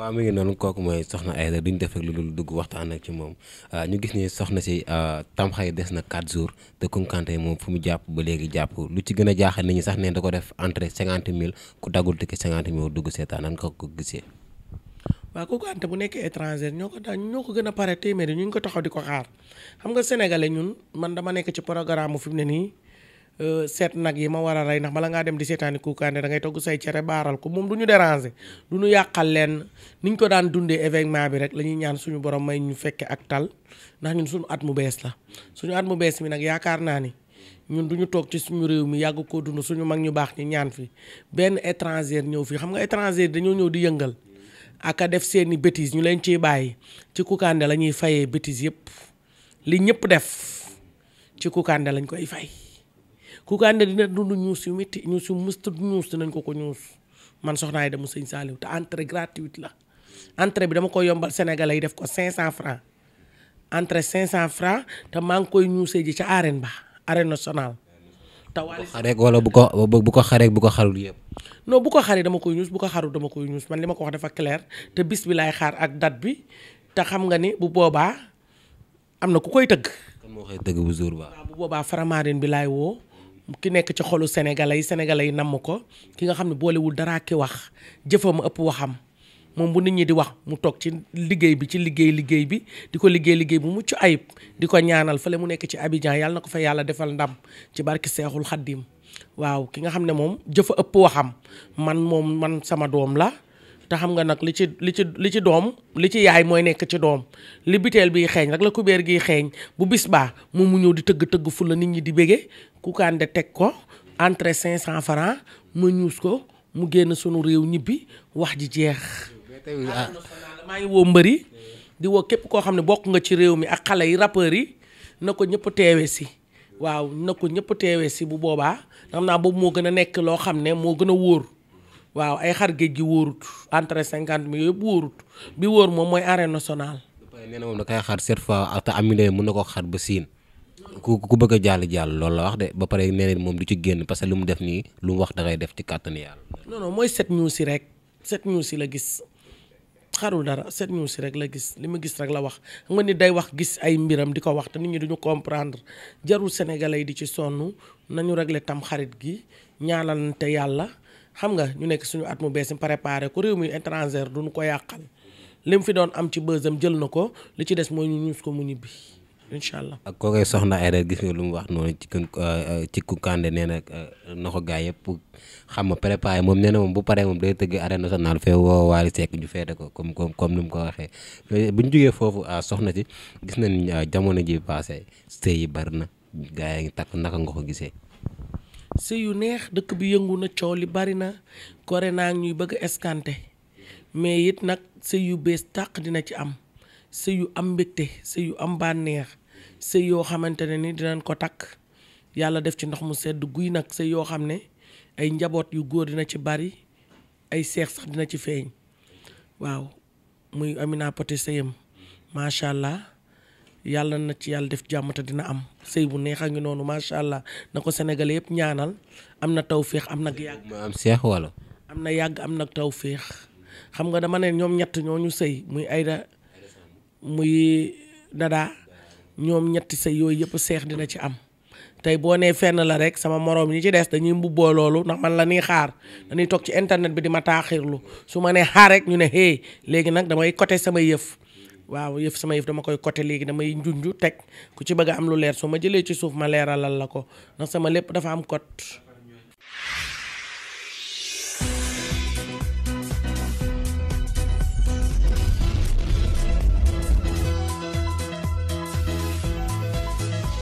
waaw mi ngi noonu kooku mooy soxna Aida duñ def rek lu dul dugg waxtaan ak ci moom ah, ñu gis ni soxna si ah, tamxay des na 4 jours te Kounkandé moom fu mu jàpp ba léegi jàpp lu ci gën a jaaxal nit ñi sax ne da ko def entrée 50 000 ku daggul tikki 50 000 dugg seetaan nan ko ko gisee. waaw Kounkandé bu nekk étranger ñoo ko da ñoo ko gën a pare téeméeri ñu ngi ko taxaw di ko xaar xam nga sénégalais ñun man dama nekk ci programme mu fi mu ne nii. Euh, seet nag yi ma war a rey ndax bala ngaa dem di seetaani kuukaande dangay ngay togg say cere baaral ko moom du ñu déranger du ñu yàqal leen niñ ko daan dundee événement bi rek la ñuy ñaan suñu borom may ñu fekkee ak tal ndax ñun suñu at mu bees la suñu at mu bees mi nag yaakaar naa ni ñun du ñu toog ci suñu réew mi yàgg koo dund suñu mag ñu baax ñi ñaan fi benn étranger ñëw fii xam nga étranger dañoo ñëw di yëngal aka def seeni bêtises ñu leen ciy bàyyi ci kuukaande la ñuy fayee bêtises yëpp li ñëpp def ci kuukaande lañ koy fay ku ko ànd dina dund ñuus yu métti ñuus yu mësta ñuus dinañ ko ko ñuus man soxnaa yi dama sëñ Saliou te entrée gratuite la entrée bi dama koy yombal sénégalais yi def ko 500 francs entrée 500 francs te maa ngi koy ñuusee ji ca arène ba arène nationale. te wàllu xareeg wala bu ko bu ko xareeg bu ko xarul yëpp. non bu ko xaree dama koy ñuus bu ko xarul dama koy ñuus man li ma ko wax dafa clair te bis bi laay xaar ak date bi te xam nga ni bu boobaa am na ku koy tëgg. kan moo koy tëgg bu jour ba. bu boobaa faramarin bi laay woo. ki nekk ci xolu sénégalais yi sénégalais yi namm ko ki nga xam ne boolewul daraa ki wax ma ëpp waxam moom bu nit ñi di wax mu toog ci liggéey bi ci liggéey liggéey bi di ko liggéey liggéey bu mucc ayib di ko ñaanal fa fële mu nekk ci Abidjan yàlla na ko fa yàlla defal ndam ci barki seexul xaddim waaw ki nga xam ne moom jëfa ëpp waxam man moom man sama doom la te xam nga nag li ci li ci li ci doom li ci yaay mooy nekk ci doom li biteel bii xeeñ rek la kubéer giy xeeñ bu bis baa moom mu ñëw di tëgg tëgg fu nit ñi di bége Kounkandé teg ko entrée cent francs ma ñuus ko mu génn sunu réew ñibbi wax ji jeex. Ah. maa ngi woo mbëri di woo képp koo xam ne bokk nga ci réew mi ak xale yi rappeurs yi na ko ñëpp teewe si. waaw na ko ñëpp teewee si bu boobaa xam naa boobu moo gën a nekk loo xam ne moo gën a wóor waaw ay xar géej gi wóorut entre cinquante mille yëpp wóorut bi wóor moom mooy arène national na moom da kay xar cette fois te am mën na ko xar ba siin. ku ku bëgg a jàll jàll lool la wax de ba pare nee moom du ci génn parce que lu mu def nii lu mu wax da def ci kàttan yàlla. non mooy set news si rek set news si la gis xarul dara set news si rek la gis li ma gis rek la wax xam nga ni day wax gis ay di ko wax te ñi duñu comprendre jarul sénégalais di ci sonn nañu régler tam xarit gi ñaanalante yàlla xam nga ñu nekk suñu at mu bees préparé ko réew mi étranger duñu ko li mu fi doon am ci bësam jël na ko li ci des mooy ñuus ko mu ñibbi. incha allah. ak kooku soxna Aida gis nga lu mu wax noonu ci euh, euh, ci kande nee na na ko gaa yëpp xam ma préparé moom nee na moom bu paree moom day tëgg arène nationale fee woo Wally Seck ñu feete ko comme comme comme ni mu ko waxee bu ñu jógee foofu euh, soxna si gis nañ jamono ji paase sëy yi bari na gaa yi ngi takk naka nga ko gisee. sëy yu neex dëkk bi yëngu na coow li bari na kore naa ñuy bëgg a mais it nag sëy yu bees tàq dina ci am. sëy yu am mbégte sëy yu am bànneex sëy yoo xamante ne ni dinañ ko takk yàlla def ci ndox mu sedd guy nag sëy yoo xam ne ay njaboot yu góor dina ci bari ay seex sax dina ci feeñ waaw muy Amina Poté sëyam macha allah yàlla na ci yàlla def jàmm te dina am sëy bu neex a ngi noonu macha allah na ko Sénégalais yëpp ñaanal am na tawféex am nag yàgg. am seex wala. am na yàgg am nag tawféex xam nga dama ne ñoom ñett ñoo ñu sëy muy Aïda muy dadaa ñoom ñetti sëy yooyu yëpp seex dina ci am tey boo nee fenn la rek sama moroom ñi ci des dañuy mbubboo loolu ndax man la nii xaar dañuy toog ci internet bi di ma taaxirlu su ma nee xaar rek ñu ne hey léegi nag damay côté sama yëf waaw yëf sama yëf dama koy côté léegi damay njunju teg ku ci bëgg am lu leer su ma jëlee ci suuf ma leeralal la ko ndax sama lépp dafa am cote